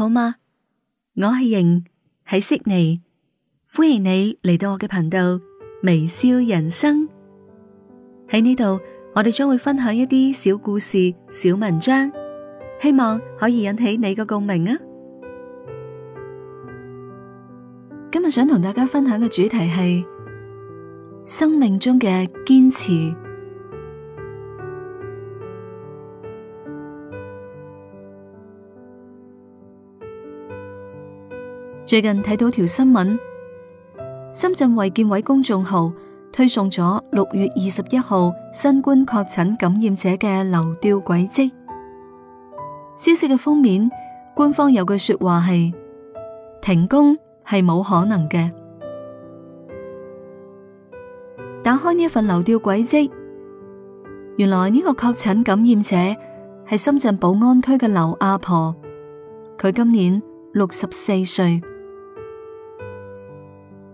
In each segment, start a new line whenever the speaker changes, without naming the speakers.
好嗎？我係瑩，喺悉尼，歡迎你嚟到我嘅頻道微笑人生。喺呢度，我哋將會分享一啲小故事、小文章，希望可以引起你嘅共鳴啊。今日想同大家分享嘅主題係生命中嘅堅持。最近睇到條新聞，深圳衛健委公眾號推送咗六月二十一號新冠確診感染者嘅流調軌跡。消息嘅封面，官方有句說話係：停工係冇可能嘅。打開呢一份流調軌跡，原來呢個確診感染者係深圳寶安區嘅劉阿婆，佢今年六十四歲。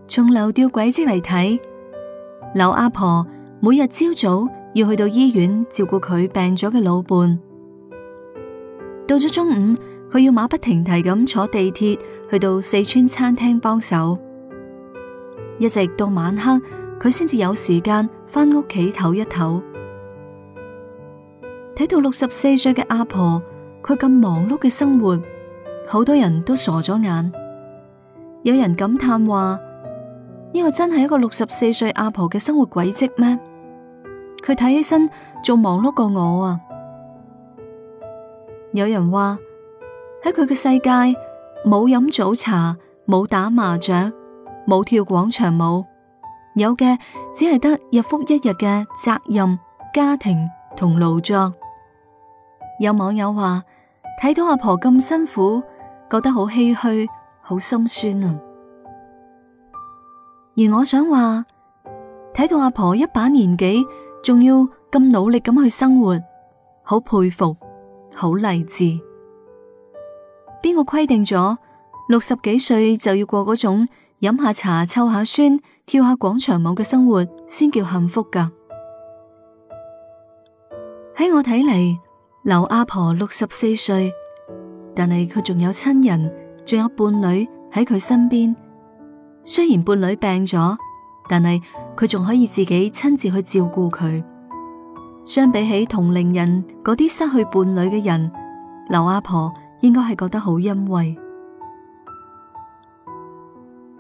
從流調軌跡嚟睇，劉阿婆每日朝早要去到醫院照顧佢病咗嘅老伴，到咗中午佢要馬不停蹄咁坐地鐵去到四川餐廳幫手，一直到晚黑佢先至有時間翻屋企唞一唞。睇到六十四歲嘅阿婆，佢咁忙碌嘅生活，好多人都傻咗眼，有人感嘆話。呢個真係一個六十四歲阿婆嘅生活軌跡咩？佢睇起身仲忙碌過我啊！有人話喺佢嘅世界冇飲早茶，冇打麻雀，冇跳廣場舞，有嘅只係得日復一日嘅責任、家庭同勞作。有網友話睇到阿婆咁辛苦，覺得好唏噓，好心酸啊！而我想話，睇到阿婆一把年紀，仲要咁努力咁去生活，好佩服，好勵志。邊個規定咗六十幾歲就要過嗰種飲下茶、湊下孫、跳下廣場舞嘅生活先叫幸福㗎？喺我睇嚟，劉阿婆六十四歲，但係佢仲有親人，仲有伴侶喺佢身邊。雖然伴侶病咗，但係佢仲可以自己親自去照顧佢。相比起同齡人嗰啲失去伴侶嘅人，劉阿婆應該係覺得好欣慰。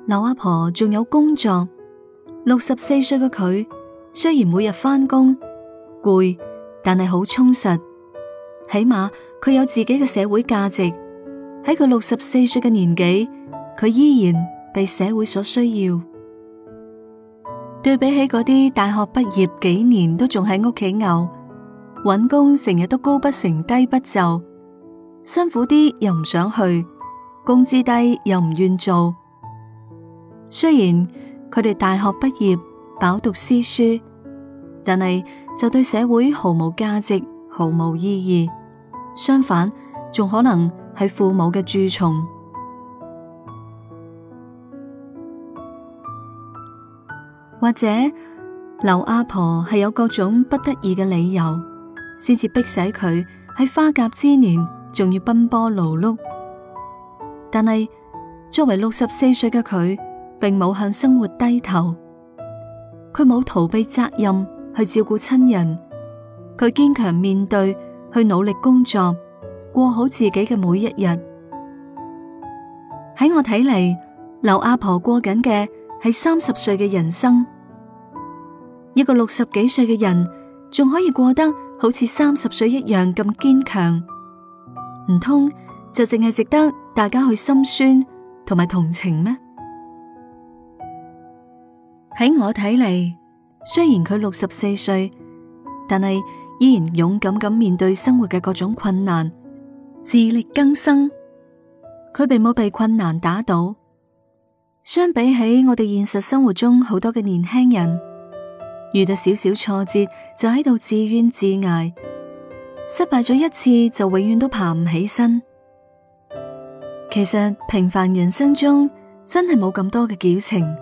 劉阿婆仲有工作，六十四歲嘅佢雖然每日返工攰，但係好充實。起碼佢有自己嘅社會價值。喺佢六十四歲嘅年紀，佢依然。被社會所需要，對比起嗰啲大學畢業幾年都仲喺屋企漚，搵工成日都高不成低不就，辛苦啲又唔想去，工資低又唔願做。雖然佢哋大學畢業飽讀詩書，但係就對社會毫無價值、毫無意義，相反仲可能係父母嘅蛀蟲。或者劉阿婆係有各種不得已嘅理由，先至逼使佢喺花甲之年仲要奔波勞碌。但係作為六十四歲嘅佢，並冇向生活低頭，佢冇逃避責任去照顧親人，佢堅強面對，去努力工作，過好自己嘅每一日。喺我睇嚟，劉阿婆過緊嘅係三十歲嘅人生。一個六十幾歲嘅人仲可以過得好似三十歲一樣咁堅強，唔通就淨係值得大家去心酸同埋同情咩？喺我睇嚟，雖然佢六十四歲，但係依然勇敢咁面對生活嘅各種困難，自力更生。佢並冇被困難打倒。相比起我哋現實生活中好多嘅年輕人。遇到少少挫折，就喺度自怨自艾，失敗咗一次就永遠都爬唔起身。其實平凡人生中真係冇咁多嘅矯情，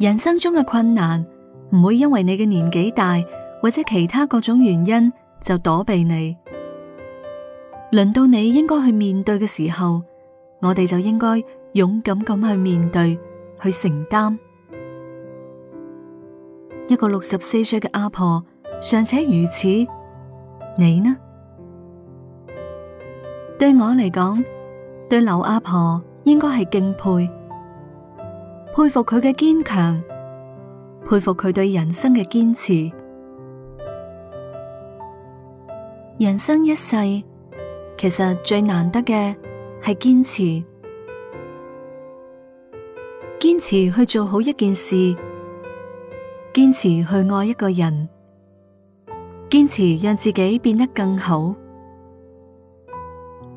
人生中嘅困難唔會因為你嘅年紀大或者其他各種原因就躲避你。輪到你應該去面對嘅時候，我哋就應該勇敢咁去面對，去承擔。一個六十四歲嘅阿婆尚且如此，你呢？對我嚟講，對劉阿婆應該係敬佩、佩服佢嘅堅強，佩服佢對人生嘅堅持。人生一世，其實最難得嘅係堅持，堅持去做好一件事。堅持去愛一個人，堅持讓自己變得更好，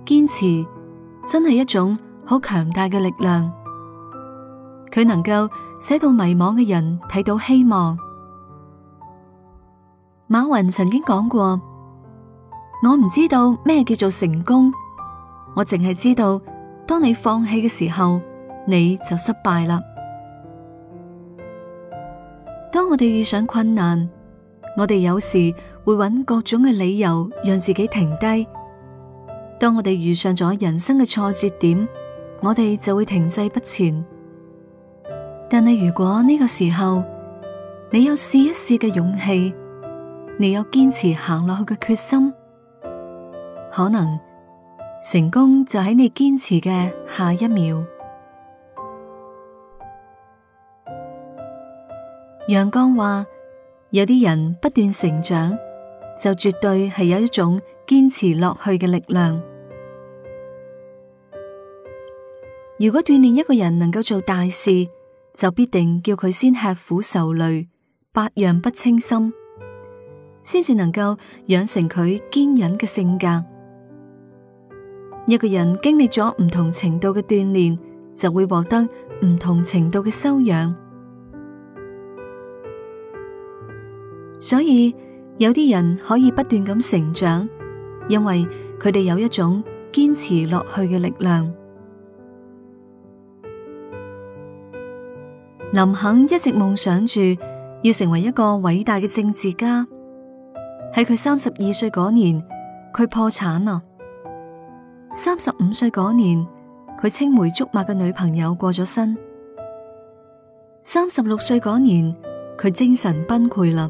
堅持真係一種好強大嘅力量。佢能夠使到迷茫嘅人睇到希望。馬雲曾經講過：我唔知道咩叫做成功，我淨係知道當你放棄嘅時候，你就失敗啦。當我哋遇上困難，我哋有時會揾各種嘅理由，讓自己停低。當我哋遇上咗人生嘅挫折點，我哋就會停滯不前。但係如果呢個時候，你有試一試嘅勇氣，你有堅持行落去嘅決心，可能成功就喺你堅持嘅下一秒。陽光話：有啲人不斷成長，就絕對係有一種堅持落去嘅力量。如果鍛煉一個人能夠做大事，就必定叫佢先吃苦受累，百樣不清心，先至能夠養成佢堅忍嘅性格。一個人經歷咗唔同程度嘅鍛煉，就會獲得唔同程度嘅修養。所以有啲人可以不斷咁成長，因為佢哋有一種堅持落去嘅力量。林肯一直夢想住要成為一個偉大嘅政治家。喺佢三十二歲嗰年，佢破產啦；三十五歲嗰年，佢青梅竹馬嘅女朋友過咗身；三十六歲嗰年，佢精神崩潰啦。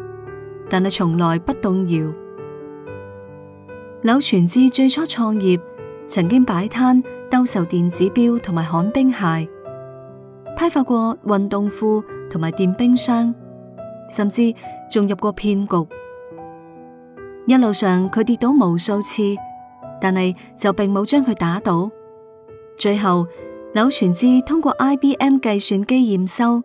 但係從來不動搖。柳傳志最初創業，曾經擺攤兜售電子表同埋旱冰鞋，批發過運動褲同埋電冰箱，甚至仲入過騙局。一路上佢跌倒無數次，但係就並冇將佢打倒。最後，柳傳志通過 IBM 計算機驗收、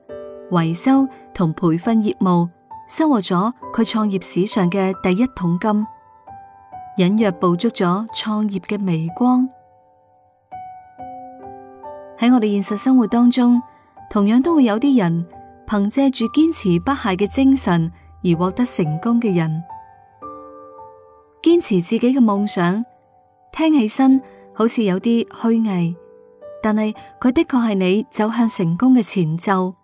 維修同培訓業務。收穫咗佢創業史上嘅第一桶金，隱約捕捉咗創業嘅微光。喺我哋現實生活當中，同樣都會有啲人憑借住堅持不懈嘅精神而獲得成功嘅人。堅持自己嘅夢想，聽起身好似有啲虛偽，但係佢的確係你走向成功嘅前奏。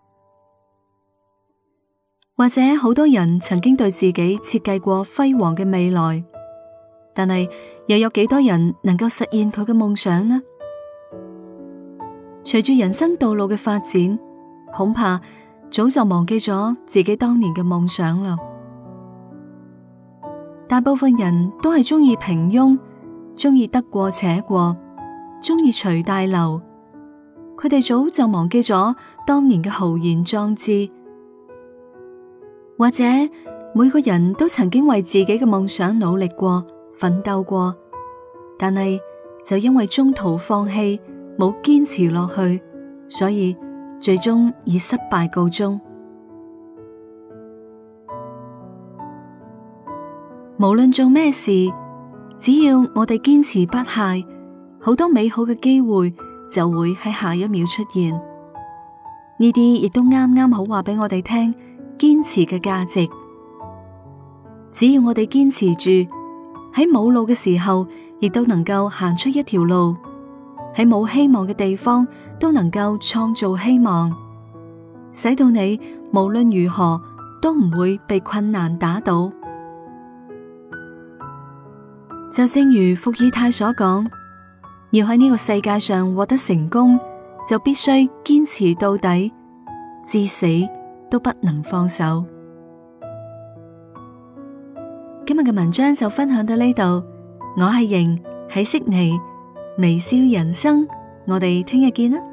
或者好多人曾經對自己設計過輝煌嘅未來，但係又有幾多人能夠實現佢嘅夢想呢？隨住人生道路嘅發展，恐怕早就忘記咗自己當年嘅夢想啦。大部分人都係中意平庸，中意得過且過，中意隨大流，佢哋早就忘記咗當年嘅豪言壯志。或者每個人都曾經為自己嘅夢想努力過、奮鬥過，但係就因為中途放棄、冇堅持落去，所以最終以失敗告終。無論做咩事，只要我哋堅持不懈，好多美好嘅機會就會喺下一秒出現。呢啲亦都啱啱好話俾我哋聽。堅持嘅價值，只要我哋堅持住，喺冇路嘅時候，亦都能夠行出一條路；喺冇希望嘅地方，都能夠創造希望，使到你無論如何都唔會被困難打倒。就正如福爾泰所講，要喺呢個世界上獲得成功，就必須堅持到底，至死。都不能放手。今日嘅文章就分享到呢度，我係瑩，喺悉尼微笑人生，我哋聽日見啦。